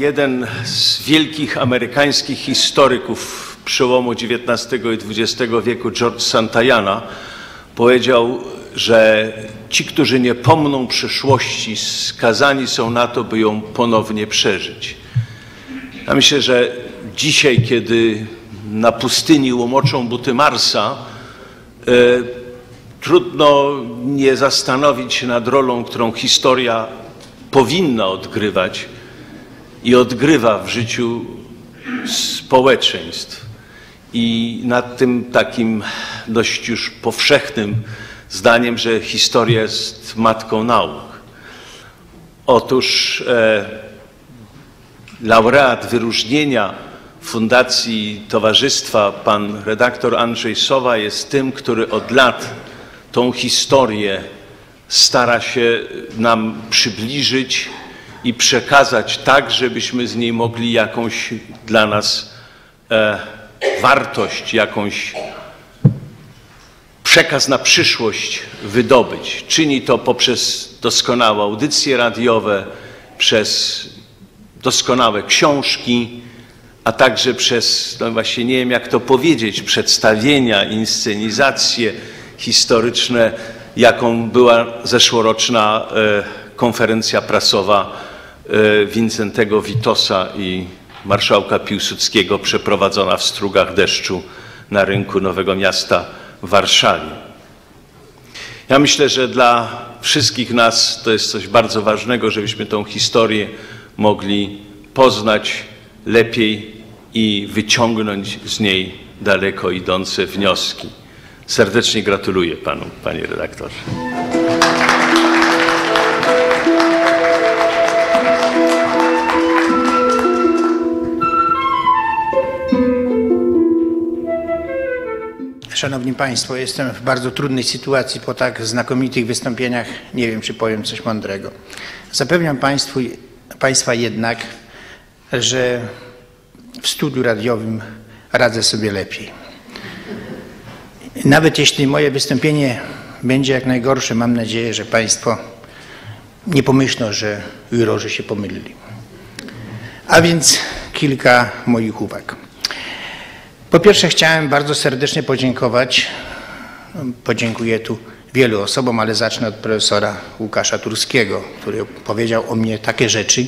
Jeden z wielkich amerykańskich historyków przełomu XIX i XX wieku, George Santayana, powiedział, że ci, którzy nie pomną przyszłości, skazani są na to, by ją ponownie przeżyć. Ja myślę, że dzisiaj, kiedy na pustyni łomoczą buty Marsa, e, trudno nie zastanowić się nad rolą, którą historia powinna odgrywać i odgrywa w życiu społeczeństw. I nad tym takim dość już powszechnym zdaniem, że historia jest matką nauk. Otóż e, laureat wyróżnienia Fundacji Towarzystwa, pan redaktor Andrzej Sowa, jest tym, który od lat tą historię stara się nam przybliżyć, i przekazać tak, żebyśmy z niej mogli jakąś dla nas e, wartość, jakąś przekaz na przyszłość wydobyć. Czyni to poprzez doskonałe audycje radiowe, przez doskonałe książki, a także przez, no właśnie nie wiem jak to powiedzieć, przedstawienia, inscenizacje historyczne, jaką była zeszłoroczna e, konferencja prasowa E, Wincentego Witosa i marszałka Piłsudskiego przeprowadzona w strugach deszczu na rynku Nowego Miasta w Warszawie. Ja myślę, że dla wszystkich nas to jest coś bardzo ważnego, żebyśmy tą historię mogli poznać lepiej i wyciągnąć z niej daleko idące wnioski. Serdecznie gratuluję panu, panie redaktorze. Szanowni Państwo, jestem w bardzo trudnej sytuacji po tak znakomitych wystąpieniach. Nie wiem, czy powiem coś mądrego. Zapewniam Państwu, Państwa jednak, że w studiu radiowym radzę sobie lepiej. Nawet jeśli moje wystąpienie będzie jak najgorsze, mam nadzieję, że Państwo nie pomyślą, że jurorzy się pomylili. A więc kilka moich uwag. Po pierwsze chciałem bardzo serdecznie podziękować, podziękuję tu wielu osobom, ale zacznę od profesora Łukasza Turskiego, który powiedział o mnie takie rzeczy,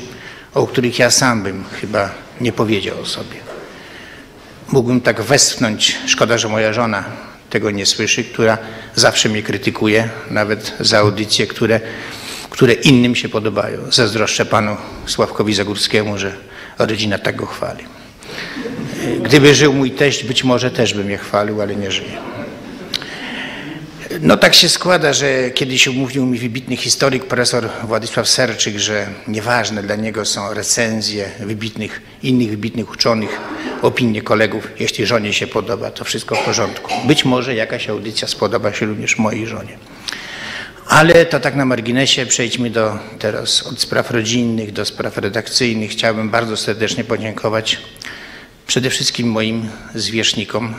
o których ja sam bym chyba nie powiedział o sobie. Mógłbym tak westchnąć, szkoda, że moja żona tego nie słyszy, która zawsze mnie krytykuje, nawet za audycje, które, które innym się podobają. Zazdroszczę panu Sławkowi Zagórskiemu, że rodzina tak go chwali. Gdyby żył mój teść, być może też bym je chwalił, ale nie żyje. No tak się składa, że kiedyś umówił mi wybitny historyk profesor Władysław Serczyk, że nieważne dla niego są recenzje wybitnych, innych wybitnych uczonych, opinie kolegów. Jeśli żonie się podoba, to wszystko w porządku. Być może jakaś audycja spodoba się również mojej żonie. Ale to tak na marginesie, przejdźmy do teraz od spraw rodzinnych do spraw redakcyjnych. Chciałbym bardzo serdecznie podziękować Przede wszystkim moim zwierzchnikom,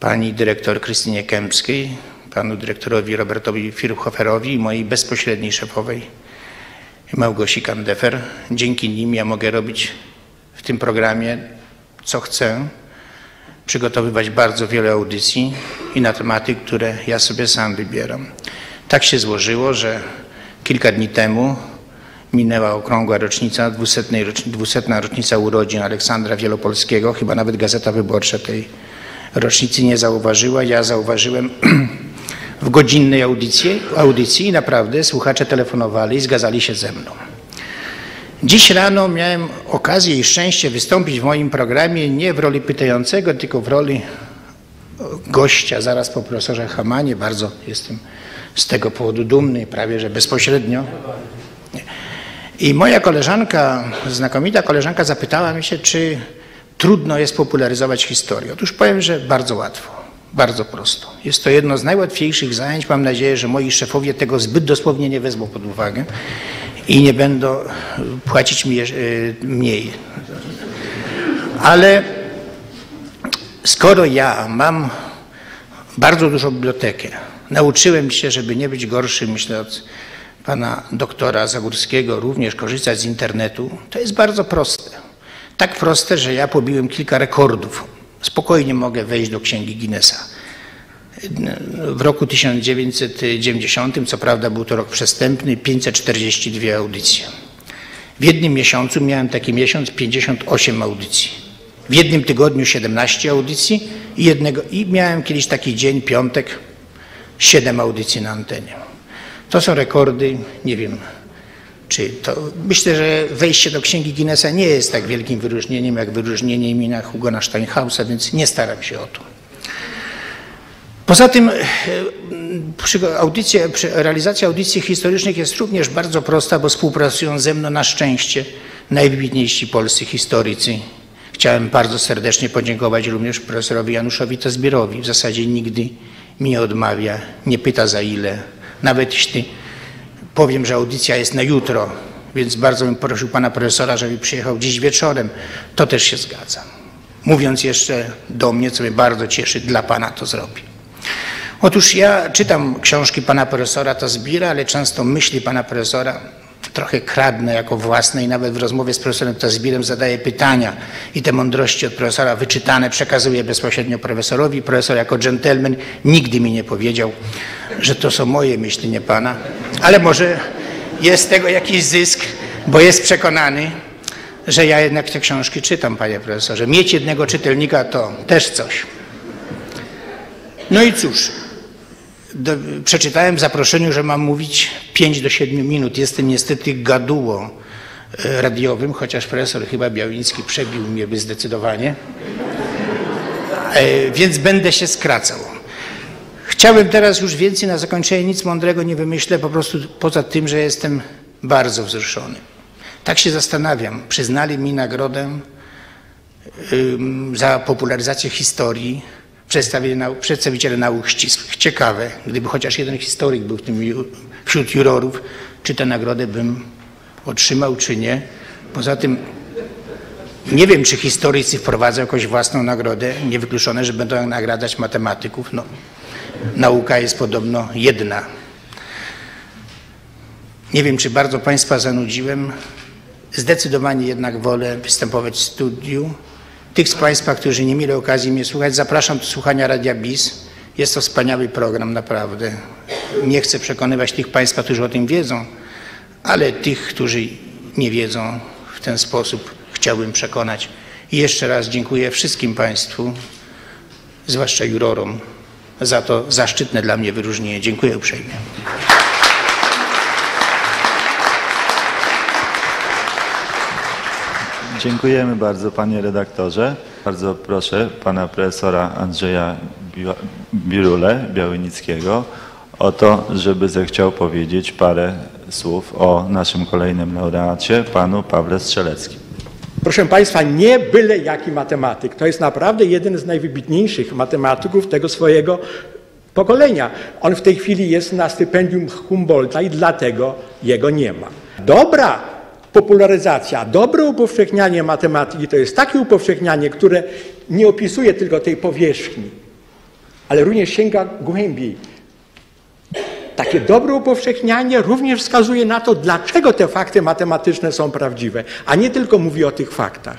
pani dyrektor Krystynie Kępskiej, panu dyrektorowi Robertowi Firchoferowi i mojej bezpośredniej szefowej Małgosi Kandefer. Dzięki nim ja mogę robić w tym programie co chcę, przygotowywać bardzo wiele audycji i na tematy, które ja sobie sam wybieram. Tak się złożyło, że kilka dni temu minęła okrągła rocznica, 200, 200 rocznica urodzin Aleksandra Wielopolskiego. Chyba nawet Gazeta Wyborcza tej rocznicy nie zauważyła. Ja zauważyłem w godzinnej audycji, audycji i naprawdę słuchacze telefonowali i zgadzali się ze mną. Dziś rano miałem okazję i szczęście wystąpić w moim programie nie w roli pytającego, tylko w roli gościa zaraz po profesorze Hamanie. Bardzo jestem z tego powodu dumny, prawie że bezpośrednio. Nie. I moja koleżanka, znakomita koleżanka, zapytała mnie się, czy trudno jest popularyzować historię. Otóż powiem, że bardzo łatwo, bardzo prosto. Jest to jedno z najłatwiejszych zajęć. Mam nadzieję, że moi szefowie tego zbyt dosłownie nie wezmą pod uwagę i nie będą płacić mi y, mniej. Ale skoro ja mam bardzo dużą bibliotekę, nauczyłem się, żeby nie być gorszy, myślę, od pana doktora Zagórskiego również korzystać z internetu, to jest bardzo proste. Tak proste, że ja pobiłem kilka rekordów. Spokojnie mogę wejść do księgi Guinnessa. W roku 1990, co prawda był to rok przestępny, 542 audycje. W jednym miesiącu miałem taki miesiąc 58 audycji. W jednym tygodniu 17 audycji i, jednego, i miałem kiedyś taki dzień, piątek, 7 audycji na antenie. To są rekordy, nie wiem, czy to. Myślę, że wejście do Księgi Guinnessa nie jest tak wielkim wyróżnieniem, jak wyróżnienie imienia Hugona Steinhausa, więc nie staram się o to. Poza tym e, realizacja audycji historycznych jest również bardzo prosta, bo współpracują ze mną na szczęście najwybitniejsi polscy historycy. Chciałem bardzo serdecznie podziękować również profesorowi Januszowi Tazbirowi. W zasadzie nigdy mi nie odmawia, nie pyta za ile, nawet jeśli powiem, że audycja jest na jutro, więc bardzo bym prosił pana profesora, żeby przyjechał dziś wieczorem, to też się zgadzam. Mówiąc jeszcze do mnie, co mnie bardzo cieszy, dla pana to zrobi. Otóż ja czytam książki pana profesora zbiera, ale często myśli pana profesora trochę kradnę jako własne i nawet w rozmowie z profesorem Tazbirem zadaję pytania i te mądrości od profesora wyczytane przekazuję bezpośrednio profesorowi. Profesor jako dżentelmen nigdy mi nie powiedział, że to są moje myśli, nie pana, ale może jest z tego jakiś zysk, bo jest przekonany, że ja jednak te książki czytam, panie profesorze. Mieć jednego czytelnika to też coś. No i cóż, do, przeczytałem w zaproszeniu, że mam mówić 5 do 7 minut. Jestem niestety gadułą e, radiowym, chociaż profesor chyba Białyński przebił mnie by zdecydowanie. E, więc będę się skracał. Chciałbym teraz już więcej na zakończenie, nic mądrego nie wymyślę, po prostu poza tym, że jestem bardzo wzruszony. Tak się zastanawiam. Przyznali mi nagrodę za popularyzację historii przedstawiciele nauk ścisłych. Ciekawe, gdyby chociaż jeden historyk był w tym, wśród jurorów, czy tę nagrodę bym otrzymał, czy nie. Poza tym nie wiem, czy historycy wprowadzą jakąś własną nagrodę, niewykluczone, że będą nagradzać matematyków. No, nauka jest podobno jedna. Nie wiem, czy bardzo Państwa zanudziłem. Zdecydowanie jednak wolę występować w studiu tych z Państwa, którzy nie mieli okazji mnie słuchać, zapraszam do słuchania Radia BIS. Jest to wspaniały program, naprawdę. Nie chcę przekonywać tych Państwa, którzy o tym wiedzą, ale tych, którzy nie wiedzą w ten sposób, chciałbym przekonać. I jeszcze raz dziękuję wszystkim Państwu, zwłaszcza jurorom, za to zaszczytne dla mnie wyróżnienie. Dziękuję uprzejmie. Dziękujemy bardzo panie redaktorze. Bardzo proszę pana profesora Andrzeja Birule Białynickiego o to, żeby zechciał powiedzieć parę słów o naszym kolejnym laureacie, panu Pawle Strzeleckim. Proszę Państwa, nie byle jaki matematyk. To jest naprawdę jeden z najwybitniejszych matematyków tego swojego pokolenia. On w tej chwili jest na stypendium Humboldta i dlatego jego nie ma. Dobra, popularyzacja, dobre upowszechnianie matematyki to jest takie upowszechnianie, które nie opisuje tylko tej powierzchni, ale również sięga głębiej. Takie dobre upowszechnianie również wskazuje na to, dlaczego te fakty matematyczne są prawdziwe, a nie tylko mówi o tych faktach.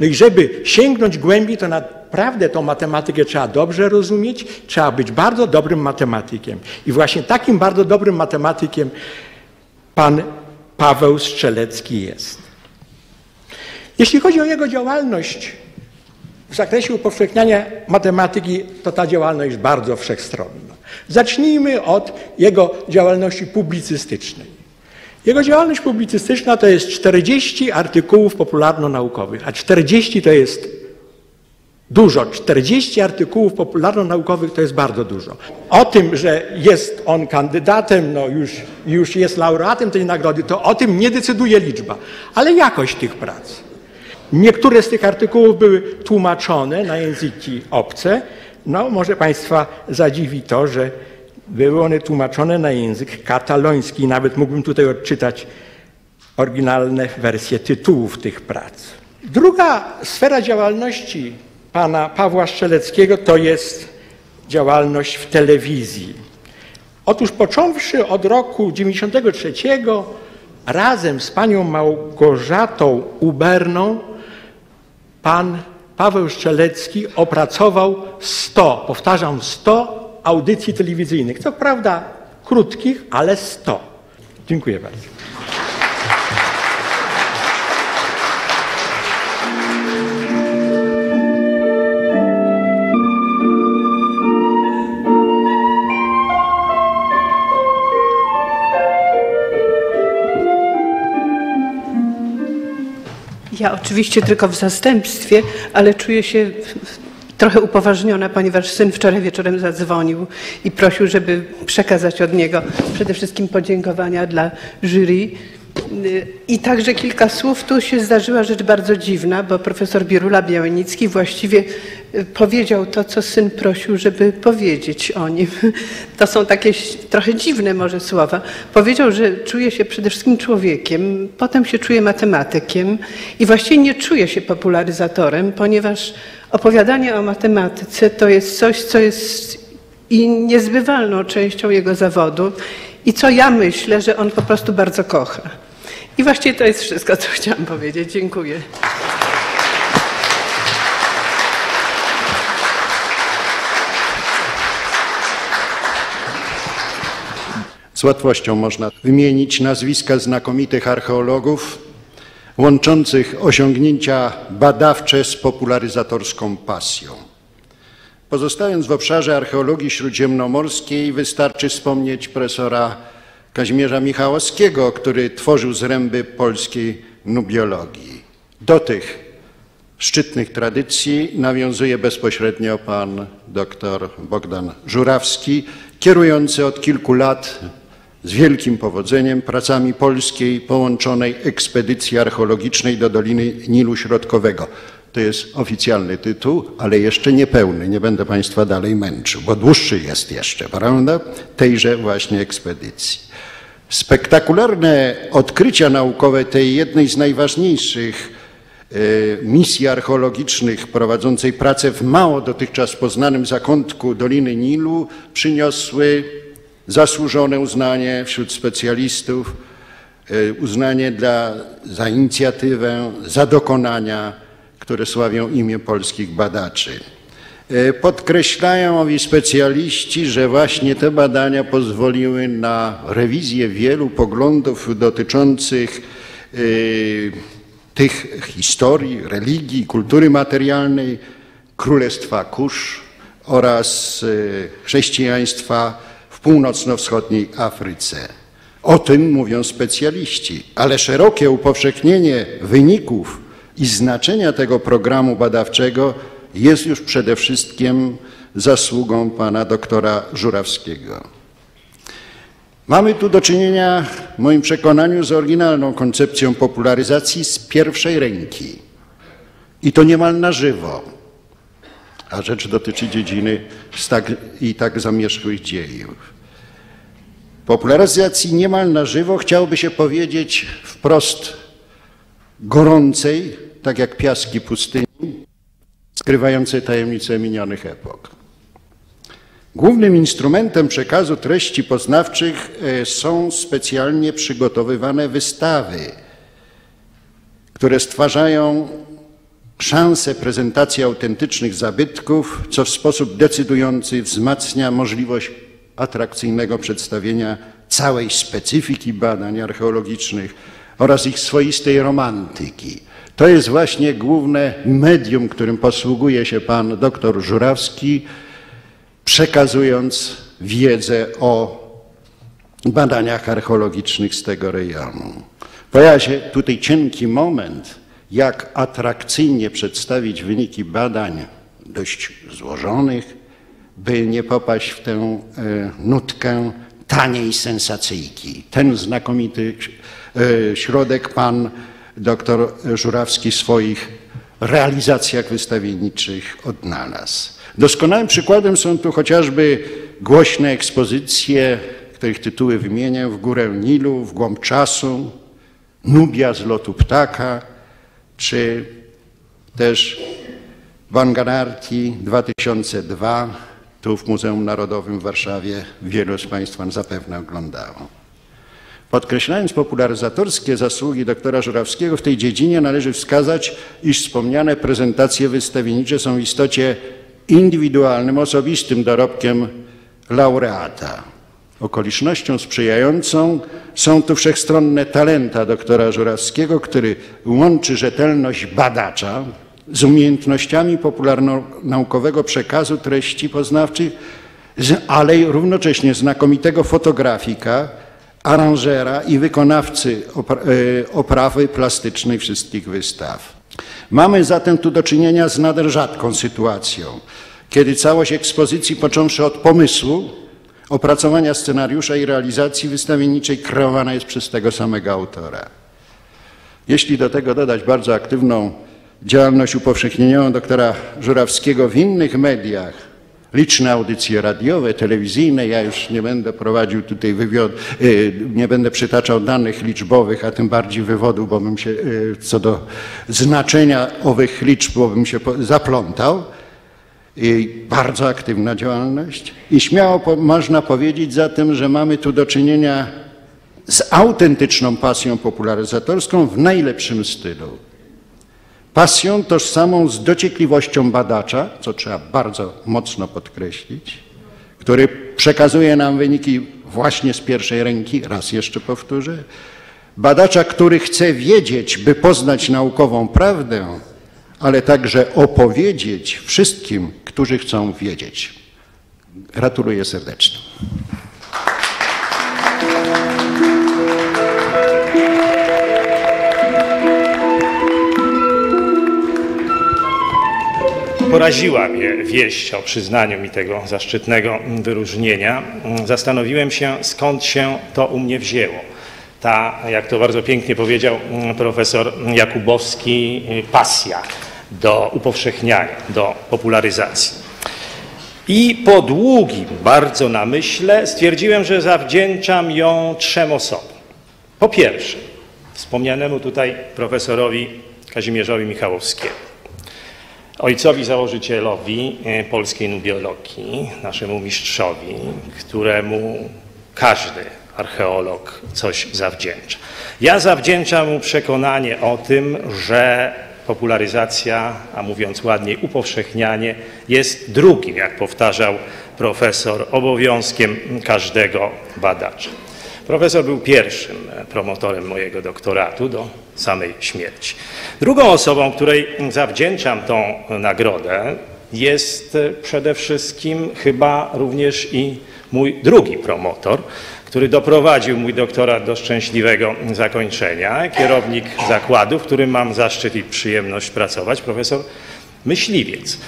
No i żeby sięgnąć głębiej, to naprawdę tą matematykę trzeba dobrze rozumieć, trzeba być bardzo dobrym matematykiem. I właśnie takim bardzo dobrym matematykiem pan Paweł Strzelecki jest. Jeśli chodzi o jego działalność w zakresie upowszechniania matematyki, to ta działalność jest bardzo wszechstronna. Zacznijmy od jego działalności publicystycznej. Jego działalność publicystyczna to jest 40 artykułów popularno-naukowych, a 40 to jest Dużo. 40 artykułów popularno-naukowych to jest bardzo dużo. O tym, że jest on kandydatem, no już, już jest laureatem tej nagrody, to o tym nie decyduje liczba, ale jakość tych prac. Niektóre z tych artykułów były tłumaczone na języki obce. No, może Państwa zadziwi to, że były one tłumaczone na język kataloński. Nawet mógłbym tutaj odczytać oryginalne wersje tytułów tych prac. Druga sfera działalności pana Pawła Szczeleckiego to jest działalność w telewizji. Otóż począwszy od roku 93 razem z panią Małgorzatą Uberną pan Paweł Szczelecki opracował 100, powtarzam 100 audycji telewizyjnych. Co prawda krótkich, ale 100. Dziękuję bardzo. Ja oczywiście tylko w zastępstwie, ale czuję się trochę upoważniona, ponieważ syn wczoraj wieczorem zadzwonił i prosił, żeby przekazać od niego przede wszystkim podziękowania dla jury. I także kilka słów. Tu się zdarzyła rzecz bardzo dziwna, bo profesor Birula Białenicki właściwie powiedział to, co syn prosił, żeby powiedzieć o nim. To są takie trochę dziwne może słowa. Powiedział, że czuje się przede wszystkim człowiekiem, potem się czuje matematykiem i właściwie nie czuje się popularyzatorem, ponieważ opowiadanie o matematyce to jest coś, co jest i niezbywalną częścią jego zawodu i co ja myślę, że on po prostu bardzo kocha. I właściwie to jest wszystko, co chciałam powiedzieć. Dziękuję. Z łatwością można wymienić nazwiska znakomitych archeologów, łączących osiągnięcia badawcze z popularyzatorską pasją. Pozostając w obszarze archeologii śródziemnomorskiej, wystarczy wspomnieć profesora Kazimierza Michałowskiego, który tworzył zręby polskiej nubiologii. Do tych szczytnych tradycji nawiązuje bezpośrednio pan dr Bogdan Żurawski, kierujący od kilku lat z wielkim powodzeniem pracami polskiej połączonej ekspedycji archeologicznej do Doliny Nilu Środkowego. To jest oficjalny tytuł, ale jeszcze niepełny. Nie będę Państwa dalej męczył, bo dłuższy jest jeszcze, prawda? Tejże właśnie ekspedycji. Spektakularne odkrycia naukowe tej jednej z najważniejszych e, misji archeologicznych prowadzącej pracę w mało dotychczas poznanym zakątku Doliny Nilu przyniosły zasłużone uznanie wśród specjalistów, e, uznanie dla, za inicjatywę, za dokonania, które sławią imię polskich badaczy. E, podkreślają owi specjaliści, że właśnie te badania pozwoliły na rewizję wielu poglądów dotyczących e, tych historii, religii, kultury materialnej Królestwa Kusz oraz chrześcijaństwa północno-wschodniej Afryce. O tym mówią specjaliści, ale szerokie upowszechnienie wyników i znaczenia tego programu badawczego jest już przede wszystkim zasługą pana doktora Żurawskiego. Mamy tu do czynienia, w moim przekonaniu, z oryginalną koncepcją popularyzacji z pierwszej ręki. I to niemal na żywo, a rzecz dotyczy dziedziny tak, i tak zamierzchłych dziejów. Popularyzacji niemal na żywo chciałoby się powiedzieć wprost gorącej, tak jak piaski pustyni, skrywającej tajemnice minionych epok. Głównym instrumentem przekazu treści poznawczych e, są specjalnie przygotowywane wystawy, które stwarzają szansę prezentacji autentycznych zabytków, co w sposób decydujący wzmacnia możliwość atrakcyjnego przedstawienia całej specyfiki badań archeologicznych oraz ich swoistej romantyki. To jest właśnie główne medium, którym posługuje się pan doktor Żurawski, przekazując wiedzę o badaniach archeologicznych z tego rejonu. Pojawia się tutaj cienki moment, jak atrakcyjnie przedstawić wyniki badań dość złożonych, by nie popaść w tę e, nutkę taniej sensacyjki. Ten znakomity e, środek pan doktor Żurawski w swoich realizacjach wystawienniczych odnalazł. Doskonałym przykładem są tu chociażby głośne ekspozycje, których tytuły wymienię, w górę Nilu, w głąb czasu, Nubia z lotu ptaka, czy też Wanganarki 2002 tu w Muzeum Narodowym w Warszawie wielu z Państwa zapewne oglądało. Podkreślając popularyzatorskie zasługi doktora Żurawskiego w tej dziedzinie należy wskazać, iż wspomniane prezentacje wystawienicze są w istocie indywidualnym, osobistym dorobkiem laureata. Okolicznością sprzyjającą są tu wszechstronne talenta doktora Żurawskiego, który łączy rzetelność badacza z umiejętnościami popularno-naukowego przekazu treści poznawczych, ale równocześnie znakomitego fotografika, aranżera i wykonawcy e, oprawy plastycznej wszystkich wystaw. Mamy zatem tu do czynienia z nader rzadką sytuacją, kiedy całość ekspozycji, począwszy od pomysłu, opracowania scenariusza i realizacji wystawienniczej kreowana jest przez tego samego autora. Jeśli do tego dodać bardzo aktywną działalność upowszechnieniową doktora Żurawskiego w innych mediach, liczne audycje radiowe, telewizyjne, ja już nie będę prowadził tutaj wywiadu, y, nie będę przytaczał danych liczbowych, a tym bardziej wywodu, bo bym się y, co do znaczenia owych liczb, bo bym się zaplątał, jej bardzo aktywna działalność i śmiało po, można powiedzieć zatem, że mamy tu do czynienia z autentyczną pasją popularyzatorską w najlepszym stylu. Pasją tożsamą z dociekliwością badacza, co trzeba bardzo mocno podkreślić, który przekazuje nam wyniki właśnie z pierwszej ręki, raz jeszcze powtórzę, badacza, który chce wiedzieć, by poznać naukową prawdę, ale także opowiedzieć wszystkim, którzy chcą wiedzieć. Gratuluję serdecznie. Poraziła mnie wieść o przyznaniu mi tego zaszczytnego wyróżnienia. Zastanowiłem się, skąd się to u mnie wzięło. Ta, jak to bardzo pięknie powiedział profesor Jakubowski, pasja do upowszechniania, do popularyzacji. I po długim bardzo namyśle stwierdziłem, że zawdzięczam ją trzem osobom. Po pierwsze, wspomnianemu tutaj profesorowi Kazimierzowi Michałowskiemu, ojcowi założycielowi e, polskiej nubiologii, naszemu mistrzowi, któremu każdy archeolog coś zawdzięcza. Ja zawdzięczam mu przekonanie o tym, że popularyzacja, a mówiąc ładniej upowszechnianie, jest drugim, jak powtarzał profesor, obowiązkiem każdego badacza. Profesor był pierwszym promotorem mojego doktoratu do samej śmierci. Drugą osobą, której zawdzięczam tą nagrodę, jest przede wszystkim chyba również i mój drugi promotor, który doprowadził mój doktorat do szczęśliwego zakończenia, kierownik zakładu, w którym mam zaszczyt i przyjemność pracować, profesor Myśliwiec.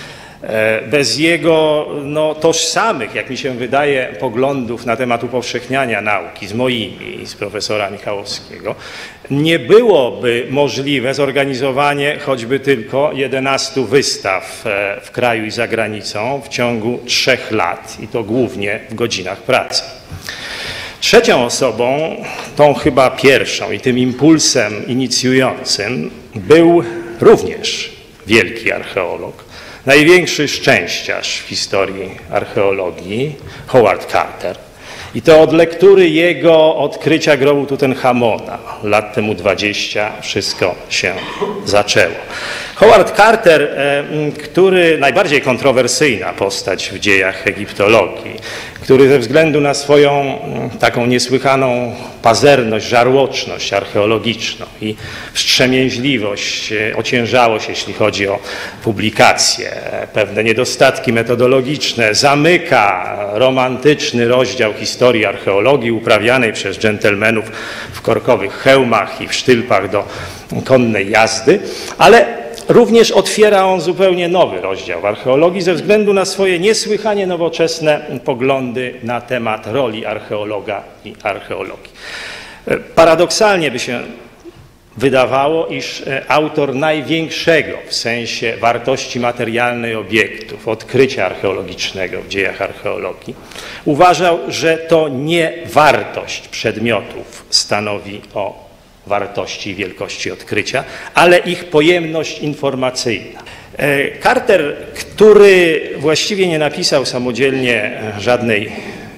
E, bez jego no, tożsamych, jak mi się wydaje, poglądów na temat upowszechniania nauki z moimi i z profesora Michałowskiego, nie byłoby możliwe zorganizowanie choćby tylko 11 wystaw e, w kraju i za granicą w ciągu trzech lat, i to głównie w godzinach pracy. Trzecią osobą, tą chyba pierwszą i tym impulsem inicjującym był również wielki archeolog, największy szczęściarz w historii archeologii, Howard Carter. I to od lektury jego odkrycia grobu Tutenchamona lat temu 20 wszystko się zaczęło. Howard Carter, e, który najbardziej kontrowersyjna postać w dziejach egiptologii, który ze względu na swoją mm, taką niesłychaną pazerność, żarłoczność archeologiczną i wstrzemięźliwość, e, ociężałość, jeśli chodzi o publikacje, pewne niedostatki metodologiczne, zamyka romantyczny rozdział historii archeologii uprawianej przez dżentelmenów w korkowych hełmach i w sztylpach do konnej jazdy, ale Również otwiera on zupełnie nowy rozdział w archeologii ze względu na swoje niesłychanie nowoczesne poglądy na temat roli archeologa i archeologii. E, paradoksalnie by się wydawało, iż e, autor największego w sensie wartości materialnej obiektów, odkrycia archeologicznego w dziejach archeologii, uważał, że to nie wartość przedmiotów stanowi o wartości i wielkości odkrycia, ale ich pojemność informacyjna. E, Carter, który właściwie nie napisał samodzielnie e, żadnej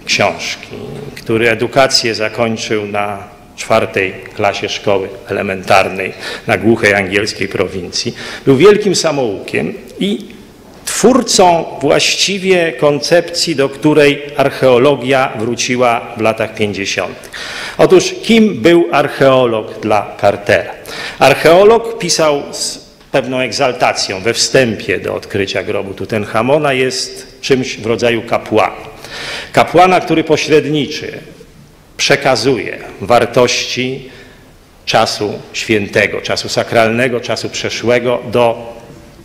książki, który edukację zakończył na czwartej klasie szkoły elementarnej na głuchej angielskiej prowincji, był wielkim samoukiem i twórcą właściwie koncepcji, do której archeologia wróciła w latach 50. Otóż kim był archeolog dla Cartera? Archeolog pisał z pewną egzaltacją we wstępie do odkrycia grobu Tutenchamona jest czymś w rodzaju kapłana. Kapłana, który pośredniczy, przekazuje wartości czasu świętego, czasu sakralnego, czasu przeszłego do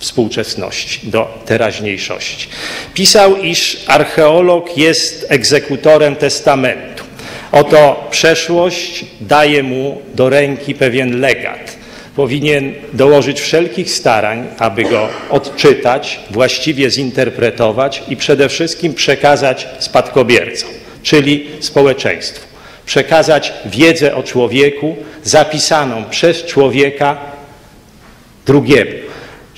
współczesności, do teraźniejszości. Pisał, iż archeolog jest egzekutorem testamentu. Oto przeszłość daje mu do ręki pewien legat. Powinien dołożyć wszelkich starań, aby go odczytać, właściwie zinterpretować i przede wszystkim przekazać spadkobiercom, czyli społeczeństwu. Przekazać wiedzę o człowieku zapisaną przez człowieka drugiemu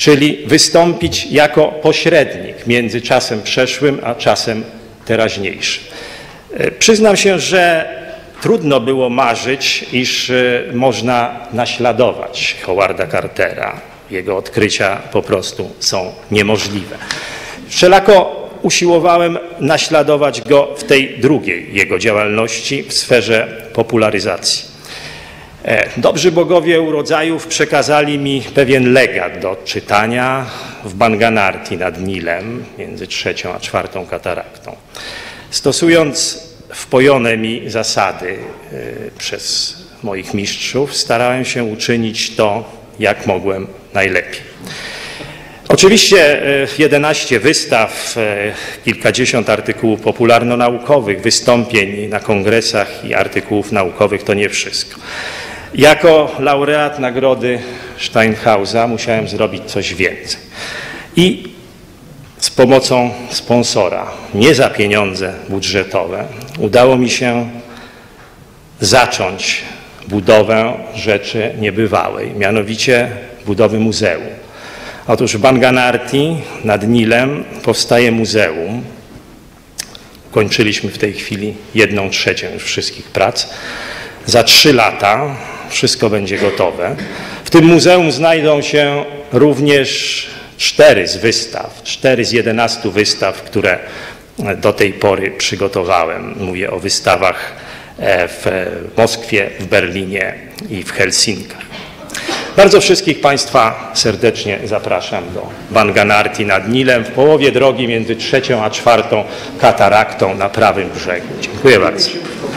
czyli wystąpić jako pośrednik między czasem przeszłym a czasem teraźniejszym. E, przyznam się, że trudno było marzyć, iż e, można naśladować Howarda Cartera. Jego odkrycia po prostu są niemożliwe. Wszelako usiłowałem naśladować go w tej drugiej jego działalności w sferze popularyzacji. E, dobrzy bogowie urodzajów przekazali mi pewien legat do czytania w Banganarti nad Nilem, między trzecią a czwartą kataraktą. Stosując wpojone mi zasady e, przez moich mistrzów, starałem się uczynić to, jak mogłem najlepiej. Oczywiście 11 e, wystaw, kilkadziesiąt artykułów popularno-naukowych, wystąpień na kongresach i artykułów naukowych to nie wszystko. Jako laureat nagrody Steinhausa musiałem zrobić coś więcej. I z pomocą sponsora, nie za pieniądze budżetowe, udało mi się zacząć budowę rzeczy niebywałej, mianowicie budowy muzeum. Otóż w Banganarti nad Nilem powstaje muzeum. Kończyliśmy w tej chwili jedną trzecią już wszystkich prac. Za trzy lata wszystko będzie gotowe. W tym muzeum znajdą się również cztery z wystaw, cztery z jedenastu wystaw, które do tej pory przygotowałem. Mówię o wystawach e, w Moskwie, w Berlinie i w Helsinkach. Bardzo wszystkich Państwa serdecznie zapraszam do Banganarti nad Nilem w połowie drogi między trzecią a czwartą kataraktą na prawym brzegu. Dziękuję bardzo.